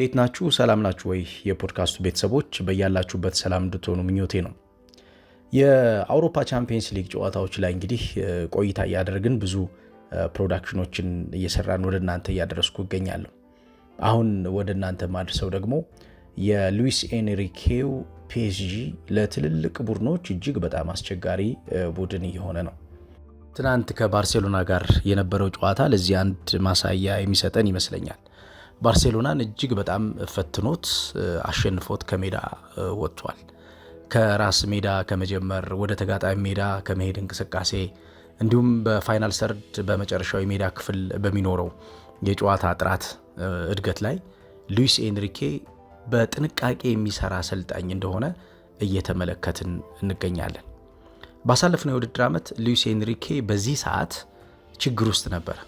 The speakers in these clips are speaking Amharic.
እንዴት ናችሁ? ሰላም ናችሁ ወይ? የፖድካስቱ ቤተሰቦች በያላችሁበት ሰላም እንድትሆኑ ምኞቴ ነው። የአውሮፓ ቻምፒየንስ ሊግ ጨዋታዎች ላይ እንግዲህ ቆይታ እያደረግን ብዙ ፕሮዳክሽኖችን እየሰራን ወደ እናንተ እያደረስኩ እገኛለሁ። አሁን ወደ እናንተ ማድረሰው ደግሞ የሉዊስ ኤንሪኬው ፒኤስጂ ለትልልቅ ቡድኖች እጅግ በጣም አስቸጋሪ ቡድን እየሆነ ነው። ትናንት ከባርሴሎና ጋር የነበረው ጨዋታ ለዚህ አንድ ማሳያ የሚሰጠን ይመስለኛል። ባርሴሎናን እጅግ በጣም ፈትኖት አሸንፎት ከሜዳ ወጥቷል። ከራስ ሜዳ ከመጀመር ወደ ተጋጣሚ ሜዳ ከመሄድ እንቅስቃሴ እንዲሁም በፋይናል ሰርድ በመጨረሻዊ ሜዳ ክፍል በሚኖረው የጨዋታ ጥራት እድገት ላይ ሉዊስ ኤንሪኬ በጥንቃቄ የሚሰራ አሰልጣኝ እንደሆነ እየተመለከትን እንገኛለን። ባሳለፍነው የውድድር ዓመት ሉዊስ ኤንሪኬ በዚህ ሰዓት ችግር ውስጥ ነበረ።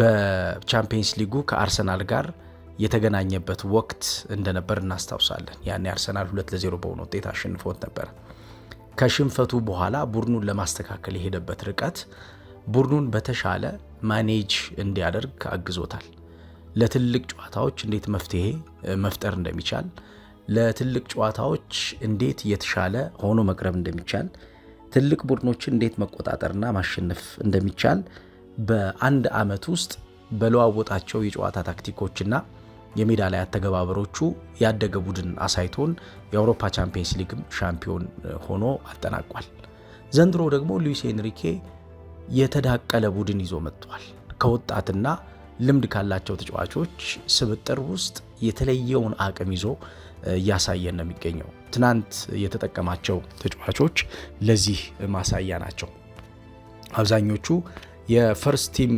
በቻምፒየንስ ሊጉ ከአርሰናል ጋር የተገናኘበት ወቅት እንደነበር እናስታውሳለን። ያኔ አርሰናል ሁለት ለዜሮ በሆነ ውጤት አሸንፎት ነበር። ከሽንፈቱ በኋላ ቡድኑን ለማስተካከል የሄደበት ርቀት ቡድኑን በተሻለ ማኔጅ እንዲያደርግ አግዞታል። ለትልቅ ጨዋታዎች እንዴት መፍትሄ መፍጠር እንደሚቻል፣ ለትልቅ ጨዋታዎች እንዴት የተሻለ ሆኖ መቅረብ እንደሚቻል፣ ትልቅ ቡድኖችን እንዴት መቆጣጠርና ማሸነፍ እንደሚቻል በአንድ ዓመት ውስጥ በለዋወጣቸው የጨዋታ ታክቲኮችና የሜዳ ላይ አተገባበሮቹ ያደገ ቡድን አሳይቶን የአውሮፓ ቻምፒየንስ ሊግም ሻምፒዮን ሆኖ አጠናቋል። ዘንድሮ ደግሞ ሉዊስ ኤንሪኬ የተዳቀለ ቡድን ይዞ መጥቷል። ከወጣትና ልምድ ካላቸው ተጫዋቾች ስብጥር ውስጥ የተለየውን አቅም ይዞ እያሳየን ነው የሚገኘው። ትናንት የተጠቀማቸው ተጫዋቾች ለዚህ ማሳያ ናቸው። አብዛኞቹ የፈርስት ቲም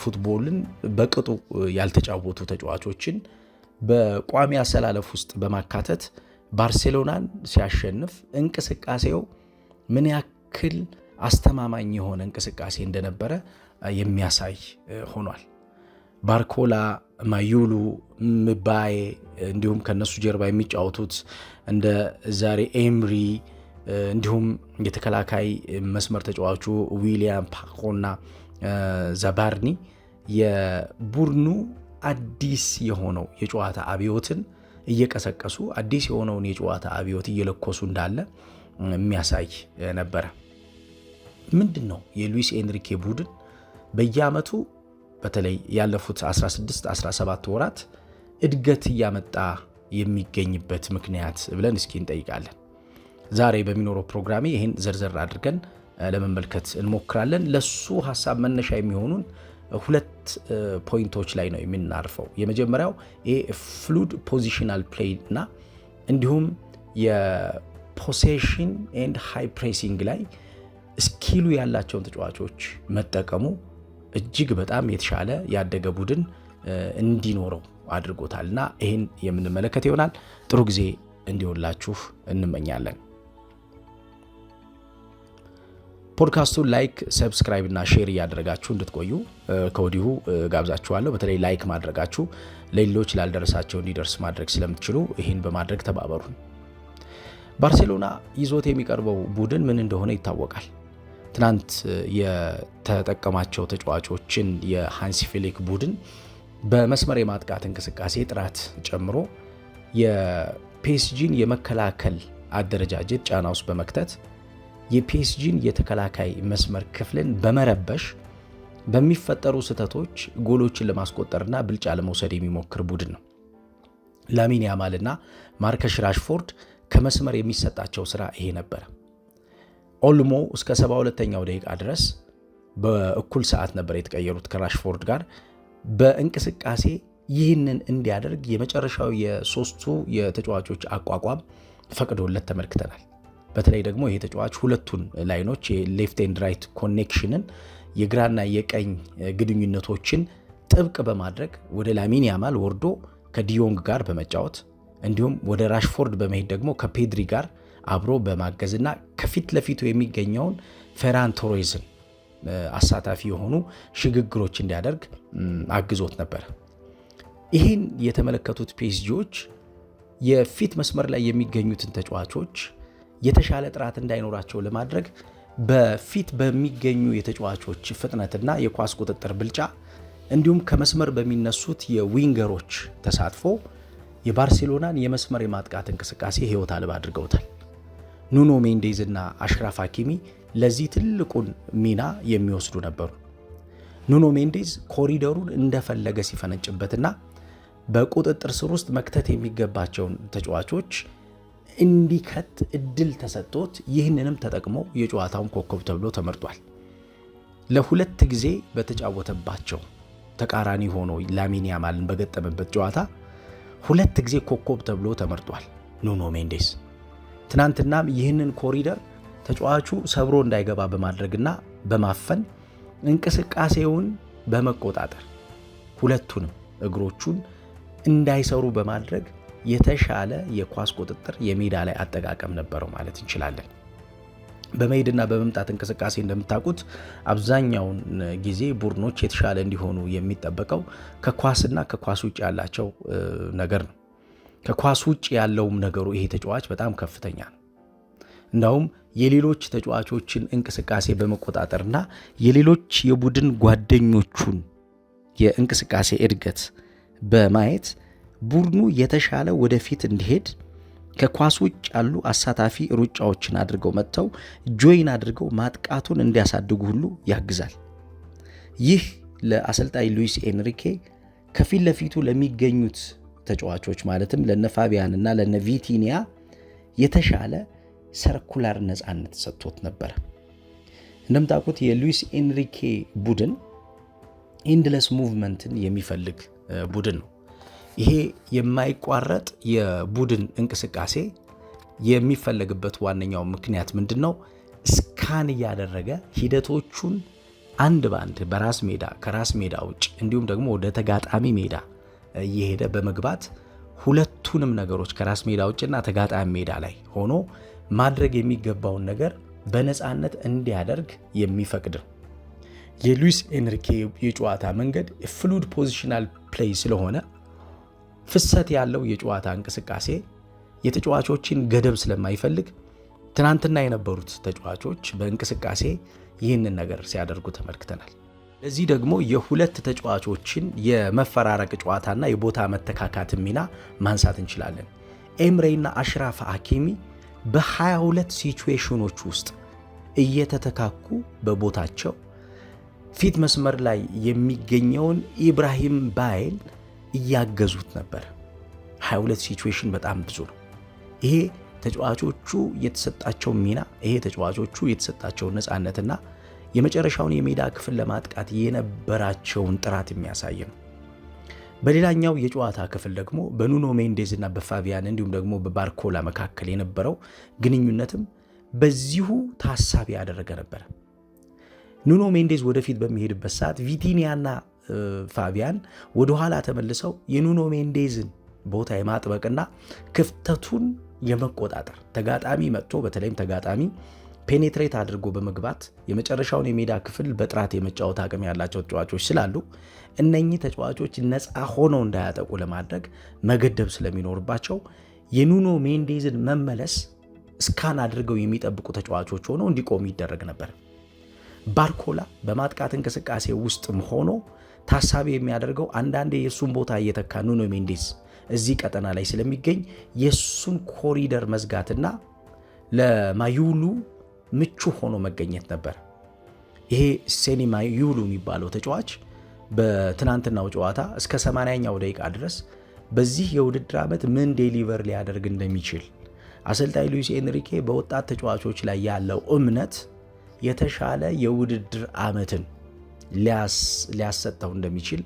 ፉትቦልን በቅጡ ያልተጫወቱ ተጫዋቾችን በቋሚ አሰላለፍ ውስጥ በማካተት ባርሴሎናን ሲያሸንፍ እንቅስቃሴው ምን ያክል አስተማማኝ የሆነ እንቅስቃሴ እንደነበረ የሚያሳይ ሆኗል። ባርኮላ፣ ማዩሉ፣ ምባዬ እንዲሁም ከነሱ ጀርባ የሚጫወቱት እንደ ዛሬ ኤምሪ እንዲሁም የተከላካይ መስመር ተጫዋቹ ዊሊያም ፓኮና ዘባርኒ የቡድኑ አዲስ የሆነው የጨዋታ አብዮትን እየቀሰቀሱ አዲስ የሆነውን የጨዋታ አብዮት እየለኮሱ እንዳለ የሚያሳይ ነበረ። ምንድን ነው የሉዊስ ኤንሪኬ ቡድን በየአመቱ በተለይ ያለፉት 16 17 ወራት እድገት እያመጣ የሚገኝበት ምክንያት ብለን እስኪ እንጠይቃለን። ዛሬ በሚኖረው ፕሮግራሜ ይህን ዘርዘር አድርገን ለመመልከት እንሞክራለን። ለሱ ሀሳብ መነሻ የሚሆኑን ሁለት ፖይንቶች ላይ ነው የምናርፈው። የመጀመሪያው ይሄ ፍሉድ ፖዚሽናል ፕሌይ እና እንዲሁም የፖሴሽን ኤንድ ሃይ ፕሬሲንግ ላይ ስኪሉ ያላቸውን ተጫዋቾች መጠቀሙ እጅግ በጣም የተሻለ ያደገ ቡድን እንዲኖረው አድርጎታል እና ይህን የምንመለከት ይሆናል። ጥሩ ጊዜ እንዲሆንላችሁ እንመኛለን። ፖድካስቱን ላይክ፣ ሰብስክራይብ እና ሼር እያደረጋችሁ እንድትቆዩ ከወዲሁ ጋብዛችኋለሁ። በተለይ ላይክ ማድረጋችሁ ለሌሎች ላልደረሳቸው እንዲደርስ ማድረግ ስለምትችሉ ይህን በማድረግ ተባበሩን። ባርሴሎና ይዞት የሚቀርበው ቡድን ምን እንደሆነ ይታወቃል። ትናንት የተጠቀማቸው ተጫዋቾችን የሃንሲ ፊሊክ ቡድን በመስመር የማጥቃት እንቅስቃሴ ጥራት ጨምሮ የፒኤስጂን የመከላከል አደረጃጀት ጫና ውስጥ በመክተት የፒኤስጂን የተከላካይ መስመር ክፍልን በመረበሽ በሚፈጠሩ ስህተቶች ጎሎችን ለማስቆጠርና ብልጫ ለመውሰድ የሚሞክር ቡድን ነው። ላሚን ያማልና ማርከሽ ራሽፎርድ ከመስመር የሚሰጣቸው ስራ ይሄ ነበረ። ኦልሞ እስከ 72ኛው ደቂቃ ድረስ በእኩል ሰዓት ነበር የተቀየሩት ከራሽፎርድ ጋር በእንቅስቃሴ ይህንን እንዲያደርግ የመጨረሻው የሶስቱ የተጫዋቾች አቋቋም ፈቅዶለት ተመልክተናል። በተለይ ደግሞ ይሄ ተጫዋች ሁለቱን ላይኖች የሌፍት ኤንድ ራይት ኮኔክሽንን የግራና የቀኝ ግንኙነቶችን ጥብቅ በማድረግ ወደ ላሚን ያማል ወርዶ ከዲዮንግ ጋር በመጫወት እንዲሁም ወደ ራሽፎርድ በመሄድ ደግሞ ከፔድሪ ጋር አብሮ በማገዝና ከፊት ለፊቱ የሚገኘውን ፌራን ቶሬዝን አሳታፊ የሆኑ ሽግግሮች እንዲያደርግ አግዞት ነበር። ይህን የተመለከቱት ፒኤስጂዎች የፊት መስመር ላይ የሚገኙትን ተጫዋቾች የተሻለ ጥራት እንዳይኖራቸው ለማድረግ በፊት በሚገኙ የተጫዋቾች ፍጥነትና የኳስ ቁጥጥር ብልጫ እንዲሁም ከመስመር በሚነሱት የዊንገሮች ተሳትፎ የባርሴሎናን የመስመር የማጥቃት እንቅስቃሴ ሕይወት አልባ አድርገውታል። ኑኖ ሜንዴዝ እና አሽራፍ ሀኪሚ ለዚህ ትልቁን ሚና የሚወስዱ ነበሩ። ኑኖ ሜንዴዝ ኮሪደሩን እንደፈለገ ሲፈነጭበትና በቁጥጥር ስር ውስጥ መክተት የሚገባቸውን ተጫዋቾች እንዲከት እድል ተሰጥቶት ይህንንም ተጠቅሞ የጨዋታውን ኮከብ ተብሎ ተመርጧል። ለሁለት ጊዜ በተጫወተባቸው ተቃራኒ ሆኖ ላሚን ያማልን በገጠመበት ጨዋታ ሁለት ጊዜ ኮከብ ተብሎ ተመርጧል ኑኖ ሜንዴስ። ትናንትናም ይህንን ኮሪደር ተጫዋቹ ሰብሮ እንዳይገባ በማድረግና በማፈን እንቅስቃሴውን በመቆጣጠር ሁለቱንም እግሮቹን እንዳይሰሩ በማድረግ የተሻለ የኳስ ቁጥጥር የሜዳ ላይ አጠቃቀም ነበረው ማለት እንችላለን። በመሄድና በመምጣት እንቅስቃሴ እንደምታውቁት አብዛኛውን ጊዜ ቡድኖች የተሻለ እንዲሆኑ የሚጠበቀው ከኳስና ከኳስ ውጭ ያላቸው ነገር ነው። ከኳስ ውጭ ያለውም ነገሩ ይሄ ተጫዋች በጣም ከፍተኛ ነው። እንዳውም የሌሎች ተጫዋቾችን እንቅስቃሴ በመቆጣጠርና የሌሎች የቡድን ጓደኞቹን የእንቅስቃሴ እድገት በማየት ቡድኑ የተሻለ ወደፊት እንዲሄድ ከኳስ ውጭ ያሉ አሳታፊ ሩጫዎችን አድርገው መጥተው ጆይን አድርገው ማጥቃቱን እንዲያሳድጉ ሁሉ ያግዛል። ይህ ለአሰልጣኝ ሉዊስ ኤንሪኬ ከፊት ለፊቱ ለሚገኙት ተጫዋቾች ማለትም ለነ ፋቢያን እና ለነ ቪቲኒያ የተሻለ ሰርኩላር ነፃነት ሰጥቶት ነበረ። እንደምታውቁት የሉዊስ ኤንሪኬ ቡድን ኢንድለስ ሙቭመንትን የሚፈልግ ቡድን ነው። ይሄ የማይቋረጥ የቡድን እንቅስቃሴ የሚፈለግበት ዋነኛው ምክንያት ምንድን ነው? ስካን እያደረገ ሂደቶቹን አንድ በአንድ በራስ ሜዳ ከራስ ሜዳ ውጭ እንዲሁም ደግሞ ወደ ተጋጣሚ ሜዳ እየሄደ በመግባት ሁለቱንም ነገሮች ከራስ ሜዳ ውጭና ተጋጣሚ ሜዳ ላይ ሆኖ ማድረግ የሚገባውን ነገር በነፃነት እንዲያደርግ የሚፈቅድ ነው። የሉዊስ ኤንሪኬ የጨዋታ መንገድ ፍሉድ ፖዚሽናል ፕሌይ ስለሆነ ፍሰት ያለው የጨዋታ እንቅስቃሴ የተጫዋቾችን ገደብ ስለማይፈልግ ትናንትና የነበሩት ተጫዋቾች በእንቅስቃሴ ይህንን ነገር ሲያደርጉ ተመልክተናል። ለዚህ ደግሞ የሁለት ተጫዋቾችን የመፈራረቅ ጨዋታና የቦታ መተካካት ሚና ማንሳት እንችላለን። ኤምሬና አሽራፍ ሐኪሚ በ22 ሲቹዌሽኖች ውስጥ እየተተካኩ በቦታቸው ፊት መስመር ላይ የሚገኘውን ኢብራሂም ባይል እያገዙት ነበር። 22 ሲቹዌሽን በጣም ብዙ ነው። ይሄ ተጫዋቾቹ የተሰጣቸው ሚና ይሄ ተጫዋቾቹ የተሰጣቸው ነፃነትና የመጨረሻውን የሜዳ ክፍል ለማጥቃት የነበራቸውን ጥራት የሚያሳይ ነው። በሌላኛው የጨዋታ ክፍል ደግሞ በኑኖ ሜንዴዝ እና በፋቪያን እንዲሁም ደግሞ በባርኮላ መካከል የነበረው ግንኙነትም በዚሁ ታሳቢ ያደረገ ነበር። ኑኖ ሜንዴዝ ወደፊት በሚሄድበት ሰዓት ቪቲኒያና ፋቢያን ወደኋላ ተመልሰው የኑኖ ሜንዴዝን ቦታ የማጥበቅና ክፍተቱን የመቆጣጠር ተጋጣሚ መጥቶ በተለይም ተጋጣሚ ፔኔትሬት አድርጎ በመግባት የመጨረሻውን የሜዳ ክፍል በጥራት የመጫወት አቅም ያላቸው ተጫዋቾች ስላሉ እነኚህ ተጫዋቾች ነፃ ሆነው እንዳያጠቁ ለማድረግ መገደብ ስለሚኖርባቸው የኑኖ ሜንዴዝን መመለስ እስካን አድርገው የሚጠብቁ ተጫዋቾች ሆነው እንዲቆሙ ይደረግ ነበር። ባርኮላ በማጥቃት እንቅስቃሴ ውስጥም ሆኖ ታሳቢ የሚያደርገው አንዳንዴ የእሱን ቦታ እየተካ ኑኖ ሜንዴስ እዚህ ቀጠና ላይ ስለሚገኝ የእሱን ኮሪደር መዝጋትና ለማዩሉ ምቹ ሆኖ መገኘት ነበር። ይሄ ሴኒ ማዩሉ የሚባለው ተጫዋች በትናንትናው ጨዋታ እስከ 80ኛው ደቂቃ ድረስ በዚህ የውድድር ዓመት ምን ዴሊቨር ሊያደርግ እንደሚችል አሰልጣኝ ሉዊስ ኤንሪኬ በወጣት ተጫዋቾች ላይ ያለው እምነት የተሻለ የውድድር ዓመትን ሊያሰጠው እንደሚችል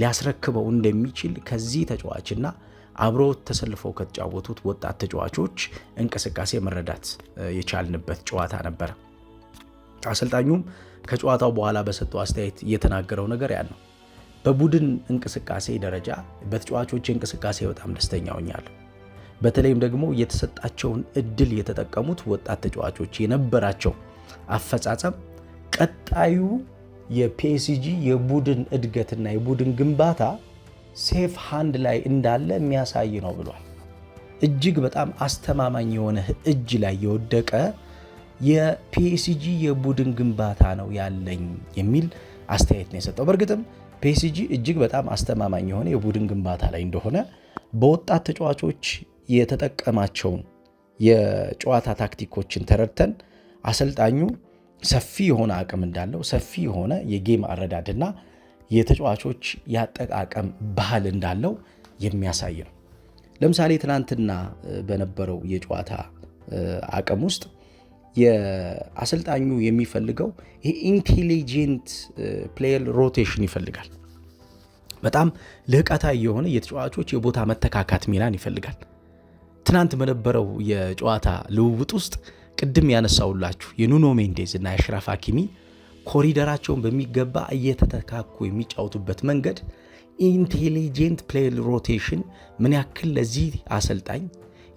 ሊያስረክበው እንደሚችል ከዚህ ተጫዋችና አብሮ ተሰልፈው ከተጫወቱት ወጣት ተጫዋቾች እንቅስቃሴ መረዳት የቻልንበት ጨዋታ ነበረ። አሰልጣኙም ከጨዋታው በኋላ በሰጠው አስተያየት እየተናገረው ነገር ያ ነው። በቡድን እንቅስቃሴ ደረጃ በተጫዋቾች እንቅስቃሴ በጣም ደስተኛ ሆኛለሁ። በተለይም ደግሞ የተሰጣቸውን እድል የተጠቀሙት ወጣት ተጫዋቾች የነበራቸው አፈጻጸም ቀጣዩ የፒኤስጂ የቡድን እድገትና የቡድን ግንባታ ሴፍ ሃንድ ላይ እንዳለ የሚያሳይ ነው ብሏል። እጅግ በጣም አስተማማኝ የሆነ እጅ ላይ የወደቀ የፒኤስጂ የቡድን ግንባታ ነው ያለኝ የሚል አስተያየት ነው የሰጠው። በእርግጥም ፒኤስጂ እጅግ በጣም አስተማማኝ የሆነ የቡድን ግንባታ ላይ እንደሆነ በወጣት ተጫዋቾች የተጠቀማቸውን የጨዋታ ታክቲኮችን ተረድተን አሰልጣኙ ሰፊ የሆነ አቅም እንዳለው ሰፊ የሆነ የጌም አረዳድና የተጫዋቾች የአጠቃቀም ባህል እንዳለው የሚያሳይ ነው። ለምሳሌ ትናንትና በነበረው የጨዋታ አቅም ውስጥ የአሰልጣኙ የሚፈልገው ይሄ ኢንቴሊጀንት ፕሌየር ሮቴሽን ይፈልጋል። በጣም ልህቀታ የሆነ የተጫዋቾች የቦታ መተካካት ሚናን ይፈልጋል። ትናንት በነበረው የጨዋታ ልውውጥ ውስጥ ቅድም ያነሳውላችሁ የኑኖ ሜንዴዝ እና የአሽራፍ ሀኪሚ ኮሪደራቸውን በሚገባ እየተተካኩ የሚጫወቱበት መንገድ ኢንቴሊጀንት ፕሌይ ሮቴሽን ምን ያክል ለዚህ አሰልጣኝ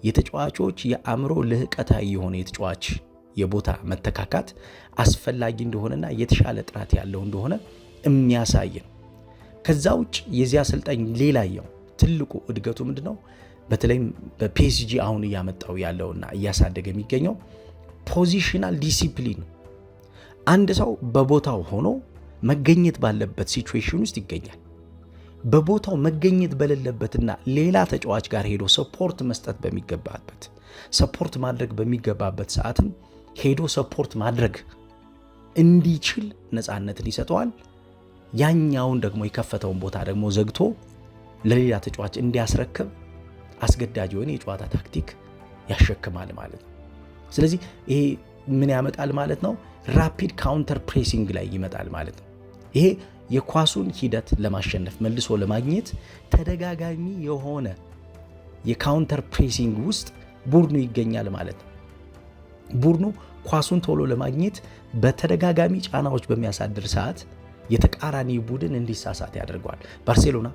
የተጫዋቾች የአእምሮ ልህቀታዊ የሆነ የተጫዋች የቦታ መተካካት አስፈላጊ እንደሆነና የተሻለ ጥራት ያለው እንደሆነ የሚያሳይ ነው። ከዛ ውጭ የዚህ አሰልጣኝ ሌላየው ትልቁ እድገቱ ምንድነው? በተለይም በፒኤስጂ አሁን እያመጣው ያለውና እያሳደገ የሚገኘው ፖዚሽናል ዲሲፕሊን አንድ ሰው በቦታው ሆኖ መገኘት ባለበት ሲትዌሽን ውስጥ ይገኛል። በቦታው መገኘት በሌለበትና ሌላ ተጫዋች ጋር ሄዶ ሰፖርት መስጠት በሚገባበት ሰፖርት ማድረግ በሚገባበት ሰዓትም ሄዶ ሰፖርት ማድረግ እንዲችል ነፃነትን ይሰጠዋል። ያኛውን ደግሞ የከፈተውን ቦታ ደግሞ ዘግቶ ለሌላ ተጫዋች እንዲያስረክብ አስገዳጅ የሆነ የጨዋታ ታክቲክ ያሸክማል ማለት ነው። ስለዚህ ይሄ ምን ያመጣል ማለት ነው? ራፒድ ካውንተር ፕሬሲንግ ላይ ይመጣል ማለት ነው። ይሄ የኳሱን ሂደት ለማሸነፍ መልሶ ለማግኘት ተደጋጋሚ የሆነ የካውንተር ፕሬሲንግ ውስጥ ቡድኑ ይገኛል ማለት ነው። ቡድኑ ኳሱን ቶሎ ለማግኘት በተደጋጋሚ ጫናዎች በሚያሳድር ሰዓት የተቃራኒ ቡድን እንዲሳሳት ያደርገዋል። ባርሴሎና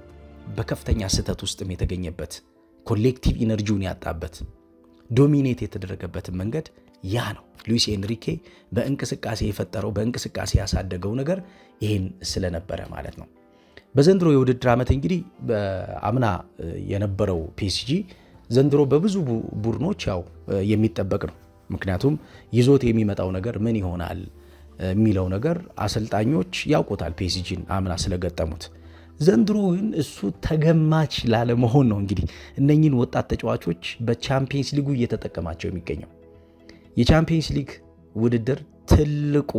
በከፍተኛ ስህተት ውስጥም የተገኘበት ኮሌክቲቭ ኢነርጂውን ያጣበት ዶሚኔት የተደረገበትን መንገድ ያ ነው። ሉዊስ ኤንሪኬ በእንቅስቃሴ የፈጠረው በእንቅስቃሴ ያሳደገው ነገር ይህን ስለነበረ ማለት ነው። በዘንድሮ የውድድር ዓመት እንግዲህ በአምና የነበረው ፒኤስጂ ዘንድሮ በብዙ ቡድኖች ያው የሚጠበቅ ነው። ምክንያቱም ይዞት የሚመጣው ነገር ምን ይሆናል የሚለው ነገር አሰልጣኞች ያውቁታል። ፒኤስጂን አምና ስለገጠሙት ዘንድሮ ግን እሱ ተገማች ላለመሆን ነው እንግዲህ እነኝን ወጣት ተጫዋቾች በቻምፒየንስ ሊጉ እየተጠቀማቸው የሚገኘው። የቻምፒየንስ ሊግ ውድድር ትልቁ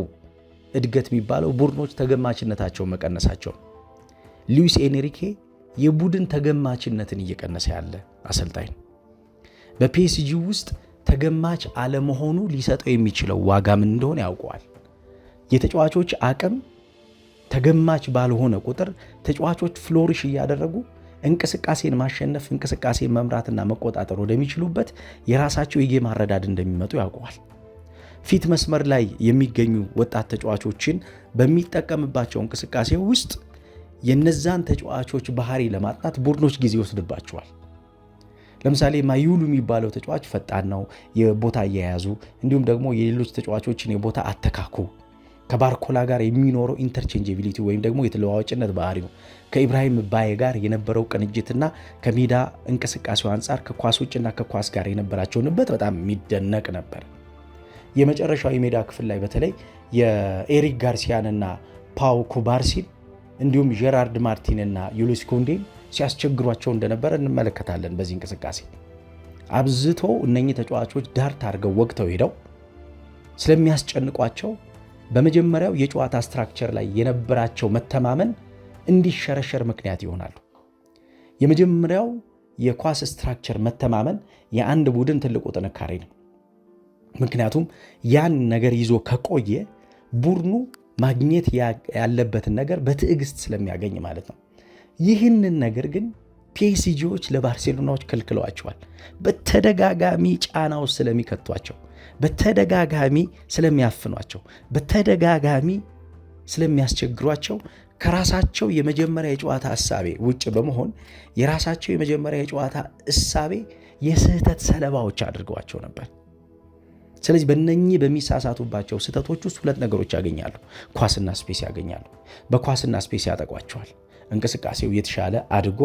እድገት የሚባለው ቡድኖች ተገማችነታቸውን መቀነሳቸው። ሉዊስ ኤንሪኬ የቡድን ተገማችነትን እየቀነሰ ያለ አሰልጣኝ ነው። በፒኤስጂ ውስጥ ተገማች አለመሆኑ ሊሰጠው የሚችለው ዋጋ ምን እንደሆነ ያውቀዋል። የተጫዋቾች አቅም ተገማች ባልሆነ ቁጥር ተጫዋቾች ፍሎሪሽ እያደረጉ እንቅስቃሴን ማሸነፍ እንቅስቃሴን መምራትና መቆጣጠር ወደሚችሉበት የራሳቸው የጌም አረዳድ እንደሚመጡ ያውቀዋል። ፊት መስመር ላይ የሚገኙ ወጣት ተጫዋቾችን በሚጠቀምባቸው እንቅስቃሴ ውስጥ የነዛን ተጫዋቾች ባህሪ ለማጥናት ቡድኖች ጊዜ ይወስድባቸዋል። ለምሳሌ ማዩሉ የሚባለው ተጫዋች ፈጣን ነው፣ የቦታ አያያዙ እንዲሁም ደግሞ የሌሎች ተጫዋቾችን የቦታ አተካኩ ከባርኮላ ጋር የሚኖረው ኢንተርቼንጀቢሊቲ ወይም ደግሞ የተለዋዋጭነት ባህሪው ከኢብራሂም ባዬ ጋር የነበረው ቅንጅትና ከሜዳ እንቅስቃሴው አንጻር ከኳስ ውጭና ከኳስ ጋር የነበራቸው ንበት በጣም የሚደነቅ ነበር። የመጨረሻው የሜዳ ክፍል ላይ በተለይ የኤሪክ ጋርሲያንና ፓው ኩባርሲን እንዲሁም ጀራርድ ማርቲንና ዩሉስ ኮንዴን ሲያስቸግሯቸው እንደነበረ እንመለከታለን። በዚህ እንቅስቃሴ አብዝቶ እነኚህ ተጫዋቾች ዳርት አድርገው ወግተው ሄደው ስለሚያስጨንቋቸው በመጀመሪያው የጨዋታ ስትራክቸር ላይ የነበራቸው መተማመን እንዲሸረሸር ምክንያት ይሆናሉ። የመጀመሪያው የኳስ ስትራክቸር መተማመን የአንድ ቡድን ትልቁ ጥንካሬ ነው። ምክንያቱም ያን ነገር ይዞ ከቆየ ቡድኑ ማግኘት ያለበትን ነገር በትዕግስት ስለሚያገኝ ማለት ነው። ይህንን ነገር ግን ፒኤስጂዎች ለባርሴሎናዎች ከልክለዋቸዋል። በተደጋጋሚ ጫናው ስለሚከቷቸው በተደጋጋሚ ስለሚያፍኗቸው፣ በተደጋጋሚ ስለሚያስቸግሯቸው ከራሳቸው የመጀመሪያ የጨዋታ እሳቤ ውጭ በመሆን የራሳቸው የመጀመሪያ የጨዋታ እሳቤ የስህተት ሰለባዎች አድርገዋቸው ነበር። ስለዚህ በነኚህ በሚሳሳቱባቸው ስህተቶች ውስጥ ሁለት ነገሮች ያገኛሉ። ኳስና ስፔስ ያገኛሉ። በኳስና ስፔስ ያጠቋቸዋል። እንቅስቃሴው የተሻለ አድጎ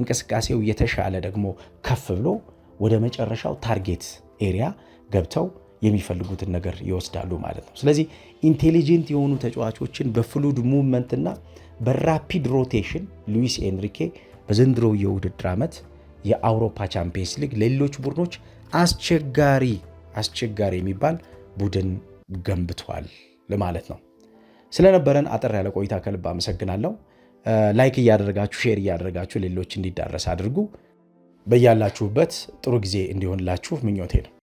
እንቅስቃሴው የተሻለ ደግሞ ከፍ ብሎ ወደ መጨረሻው ታርጌት ኤሪያ ገብተው የሚፈልጉትን ነገር ይወስዳሉ ማለት ነው። ስለዚህ ኢንቴሊጀንት የሆኑ ተጫዋቾችን በፍሉድ ሙቭመንት እና በራፒድ ሮቴሽን ሉዊስ ኤንሪኬ በዘንድሮ የውድድር ዓመት የአውሮፓ ቻምፒየንስ ሊግ ለሌሎች ቡድኖች አስቸጋሪ አስቸጋሪ የሚባል ቡድን ገንብቷል ለማለት ነው። ስለነበረን አጠር ያለ ቆይታ ከልብ አመሰግናለሁ። ላይክ እያደረጋችሁ ሼር እያደረጋችሁ ሌሎች እንዲዳረስ አድርጉ። በያላችሁበት ጥሩ ጊዜ እንዲሆንላችሁ ምኞቴ ነው።